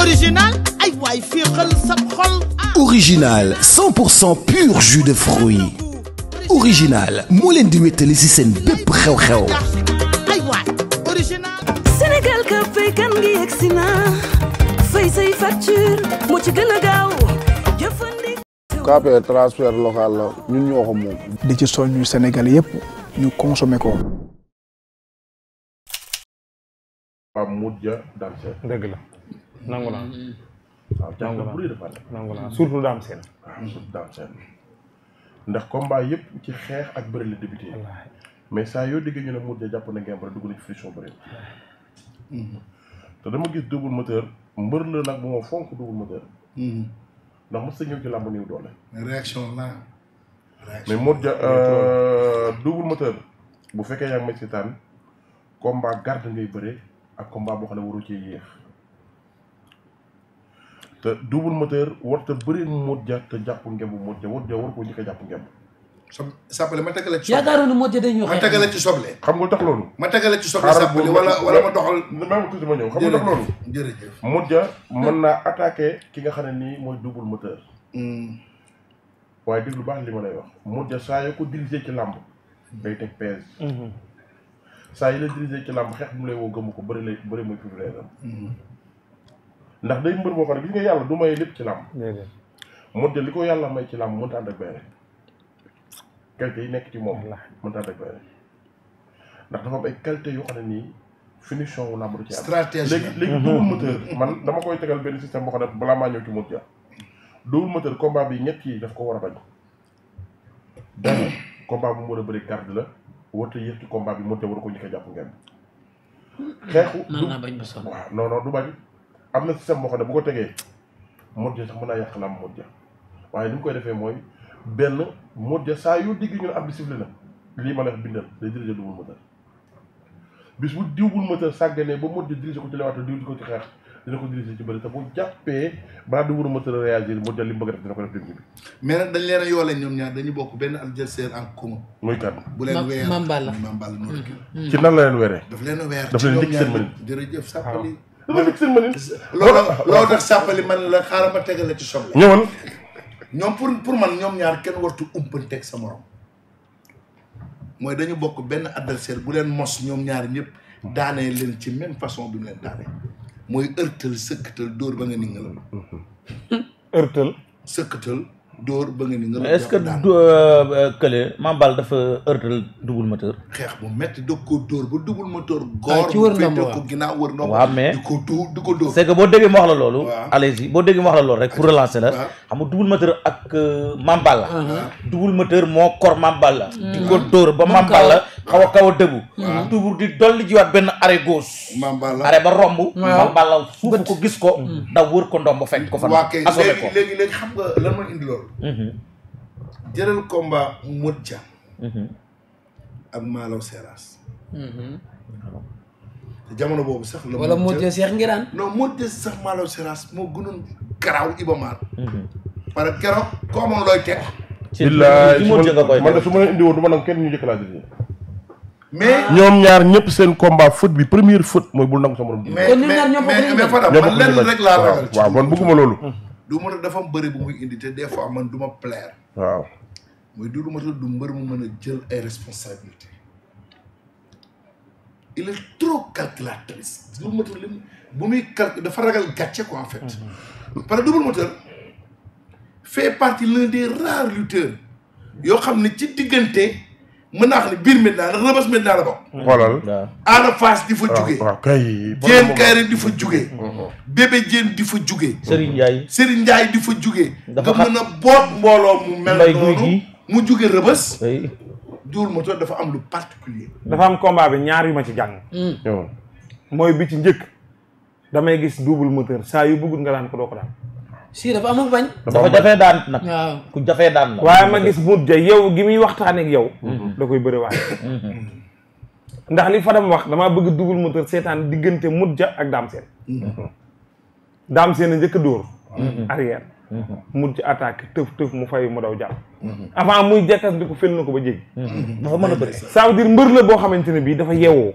original original pur jus de fruits original moo leen di wéttali ci seen bépp xew-xew. Sénégal ka fay kan ngi yegg na fay say facture moo ci gën a gaaw. KPR transfert local la ñun ñoo ko moom. di ci soññu Sénégal yépp ñu consommer ko. nangu naa mm, mm, mm. waaw jàng bu rëy dafa nangu naa daam ah, seen ndax combat yëpp ci xeex ak bëri la débuté mais saa yoo déggee ñu ne Modou Dia jàpp na ngeen bara dugg na ci friction bëri te dama gis double moteur mbër la nag bu ma fonk double moteur ndax doole mais Modou Dia euh, double moteur bu fekkee yaa ngi may seetaan combat garde ngay bëre ak combat boo xam ne waroo cee yéex te double moteur war a bëri Modou Dia te jàpp ngemb Modou Dia Modou Dia war koo njëkk a jàpp ngemb. sob sàppale ma tegale ci. yaakaaroon ne Modou Dia day ñëw ma tegale ci soble. xam nga tax loolu. ma tegale ci soble sàppale wala wala ma doxal. même tuuti ma ñëw xam nga tax loolu. jërëjëf Modou Dia mën naa attaqué ki nga xam ne nii mooy double moteur. Hmm. waaye déglu baax li ma lay wax Modou ja saa yoo ko dirigé ci làmb day teg pèse. Hmm. saa yi la dirigé ci làmb xeex mu lay woo gëmu ko bëri lay bëri mooy problème am. Hmm. ndax day mbër boo xam ne gis nga yàlla du may lépp ci làmb moo li yàlla may ci làmb mënta ànd ak bayre nekk ci moom mënta ànd ak bayre ay qualité yoo xam ne nii finition ci am stratégie léegi mhm. man dama koy tegal benn système boo xam ne balaa maa ñëw ci mot ja double moteur combat bi ñett yi daf ko war a bañ benn combat bu mu war a bëri garde la warta yéex ci combat bi mot ja war a ko njëkk jàpp ngeen hmm. xeexu mën naa ba du bañ am na système boo xam ne bu ko tegee Modou Dia sax mën naa yàq làmb Modou ja waaye ni mu koy defee mooy benn Modou Dia saa yoo digg ñu ne ab bi na lii ma la wax bindal day diriger double moteur bis bu diw bul ko ci lewaat diw ko ci xeex dina ko diriger ci bëri te dañ leen a ñoom ñaar dañu bokk benn adversaire en commun muy kat bu leen weer Mamballa Mamballa noonu mm-hmm. ci nan la leen weeree daf leen weer daf leen dikk seen mën dama nekk seen mënin. loolu loolu sàppali man la xaaral ma tegal la ci soble. ñëwal. ñoom pour pour man ñoom ñaar kenn wartu umpanteeg sa morom mooy dañu bokk benn adversaire bu leen mos ñoom ñaar ñëpp daanee leen ci même façon bi mu leen daanee mooy ërtal sëkkatal dóor ba nga ninga la. ërtal. dóor ba nga ni nga. est-ce que euh, euh, kële Mambal dafa ërtal double moteur. xeex bu metti da ko dóor ba double moteur. Ah, góor bu fekkee ko ginnaaw wër ndomb waaw mais di ko dóor di ko boo déggee mu wax la loolu. waaw allez boo déggee ma wax la loolu rek pour relancer la. xam nga double moteur ak euh, Mambal la. Uh-huh. double moteur moo kor Mambal la. Mm. di ko dóor ba Mambal la. xaw a kaw a dëbu di dolli jiwaat benn arrêt gauche arrêt ba romb mam balla ko gis ko mm. daw wër ko ndomb fekk ko fa ko léegi léegi xam nga lan mooy mm-hmm. mm-hmm. mm-hmm. boobu sax la wala Modou Seex Ngiraan non Modou Dia sax Malaw Seras moo gënoon garaaw Iba Mar parce que keroog koo amoon looy teg ci billaay man de su ma leen indi du ma nangu kenn ñu njëkk laa jël mais ah. ñoom ñaar ñëpp seen combat foot bi première foot mooy bul nangu sa morom. mais mais mais Fada man lenn rek laa ragal. waaw man bëgguma loolu. du ma dafa bëri bu muy indi te des fois man du ma plaire. waaw mooy du ma du mbër mu mën a jël ay responsabilités. il est trop calculatrice. Double Moteur li bu muy calc dafa ragal gàcce quoi en fait. Mm-hmm. parce que Double Moteur fait partie l'un des rares lutteurs yoo xam ne ci diggante. mën a xam ne biir Medina ndax rëbës Medina la bokk. xoolal waaw. Ada ah, di fa jugee. waaw kay. Diène di fa jugee. Bébé Diène di fa jugee. Serigne Ndiaye. Serigne Ndiaye di fa jugee. dafa xam nga mën a boot mbooloo mu mel noonu. mu jugee rëbës. Diour Moto dafa am lu particulier dafa am combat bi ñaar yu ma ci jàng. Mm. mooy bi ci njëkk. damay gis double moteur saa yu bëggul nga daan ko doo ko daan. si dafa amul bañ. dafa jafee daan ku jafe daan waaye ma gis ja yow gi muy waxtaan ak yow. Mhm. da koy bëri waaye. Mhm. ndax li Fadam wax damaa bëgg double moteur seetaan diggante mut mujj ak daam seen. Mhm. daam seen a njëkk a dóor. arrière. mujj attaque tëf tëf mu fay mu daw jàll. avant muy jekkas di ko fël na ko ba jéggi. dafa mën a bëri. ça veut mbër la boo xamante ne bii dafa yeewoo.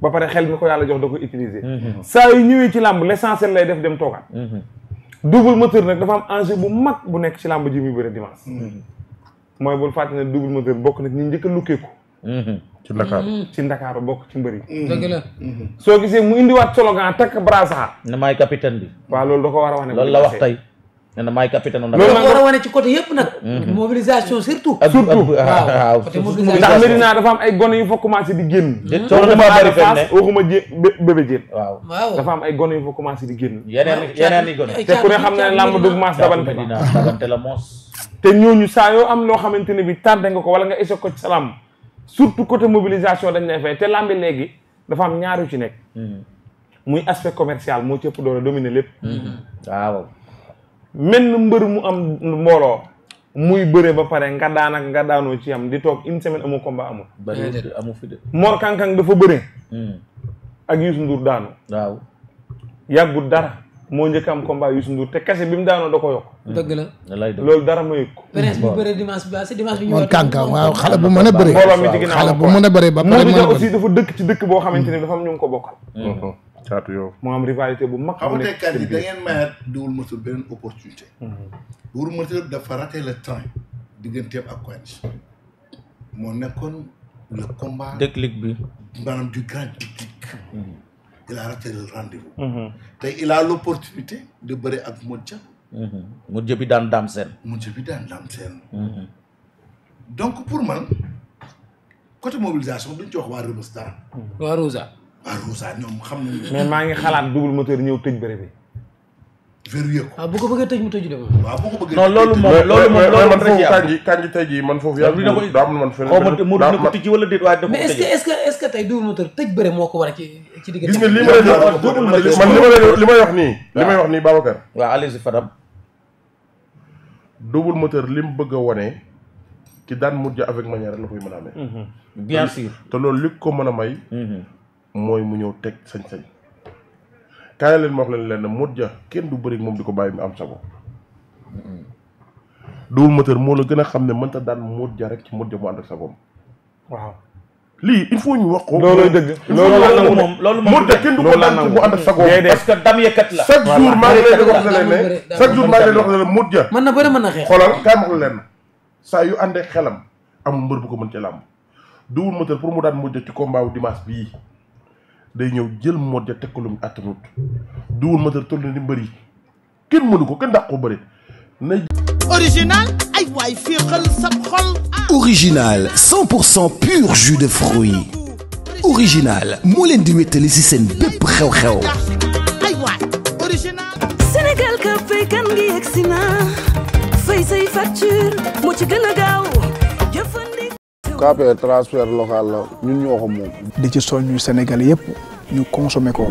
ba pare xel mi ko yàlla jox da ko utiliser. saa yu ñëwee ci làmb l'essentiel lay def dem toogaat. double moteur nag dafa am enjeu bu mag bu nekk ci làmb ji muy bëre dimanche. Mm-hmm. mooy bul fàtte ne double moteur bokk nag ñu njëkk a lukkeeku. Mm-hmm. ci Ndakaaru mm-hmm. ci Ndakaaru bokk ci mbëri. dëgg la. soo gisee mu indiwaat slogan takk brassard. na maay capitaine bi. waaw loolu da ko war a wax ne. loolu la wax tey. nee na maay capitaine nag. loolu war a wane ci côté yëpp nag. mobilisation surtout. surtout waaw côté dafa am ay gone yu fa commencé di génn. coono dafa waaw dafa am ay gone yu fa commencé di génn. yeneen yeneen i gone. te ku ne xam ne làmb dug dabante la. moos. te ñooñu saa yoo am loo xamante ne bi tardé nga ko wala nga échec ko ci sa làmb surtout côté mobilisation dañ lay fay te làmbi léegi dafa am ñaaru ci nekk. Mhm. muy aspect commercial moo ci ëpp doole lépp. Mhm. waaw. menn mbër mu am mbooloo muy bëre ba pare nga daan ak nga daanoo ci am di toog une semaine amu combat amul. bëri amu fi de. Mor Kankang dafa bëre. Hmm. ak Youssou Ndour daanu. waaw yàggut dara. moo njëkk am combat Youssou Ndour te kese bi mu daanoo da ko yokk. Hmm. dëgg la loolu dara ma yëg ko. presse bi hmm. bëre dimanche bi c'est dimanche bi ñu. woon waaw xale bu mën a bëree. mbooloo a bëree ba pare. mën a dafa dëkk ci dëkk boo xamante ne dafa am ñu ngi ko bokkal. caatu yow moo am rivalité bu mag. xam nga tey da ngeen mayaat Double Moteur beneen opportunité. Mhm. Double Moteur dafa raté le train digganteem ak Quench. moo nekkoon le combat. déclic bi. maanaam du grand déclic. Mhm. il a raté le rendez-vous. Mhm. tey il a l'opportunité de bëre ak Modja. Modja bi daan daam seen. Modja bi daan daam seen. donc pour man côté mobilisation duñ ci wax waa Rebeuss dara. Rosa. waaw ah, Roussa ñoom xam nañu. mais maa ngi xalaat double moteur ñëw tëj bëre bi. verrouillé waaw ah, bu ko bëggee tëj mu tëj de moom. waaw bu ko bëggee non loolu moom. loolu moom man foofu kanji kanji tey jii man foofu. yaa ngi ko daa man feneen. ma mu dina ko tëj wala déet waaye dina ko tëj. mais est-ce que ci ci diggante. gis nga li ma lay wax li ma lay may wax nii. li may wax nii Babacar. waaw allez-y Fadam. double moteur li mu bëgg a wane ki daan mujj avec manière la koy mën a amee. bien sûr te loolu li ko mën a may mhm. mooy mu ñëw teg sañ-sañ kaay leen ma wax leen lenn Modou Dia kenn du bëri moom di ko bàyyi mu am sago Double Moteur moo la gën a xam ne mënta daan Modou Dia rek ci Modou Dia mu ànd ak sagoom waaw lii il faut ñu wax ko. loolu dëgg loolu la moom loolu moom Modou Dia kenn du ko daan mu ànd ak sagoom parce que dam yëkkat la chaque jour maa ngi leen di wax ne chaque jour maa ngi leen di wax ne Modou Dia mën na bëri mën na xeex xoolal kaay ma wax leen saa yu àndee xelam amul mbër bu ko mën ci làmb Double Moteur pour mu daan Modou Dia ci combat wu dimanche bii day ñëw jël moot ja teg ko lu mu attanut duwul moteur toll ni mbër yi kenn mënu ko kenn dàq ko bëri original ay waay féexal sab xol original pur jus de fruits original moo leen di wéttali si seen bépp xew-xew ay waay original Sénégal ka fay kan ngi yegsi na fay say facture moo ci gën a gaaw KPA transfert locale la ñun ñoo ko moom. di ci soññu Sénégalais yëpp ñu consommer ko.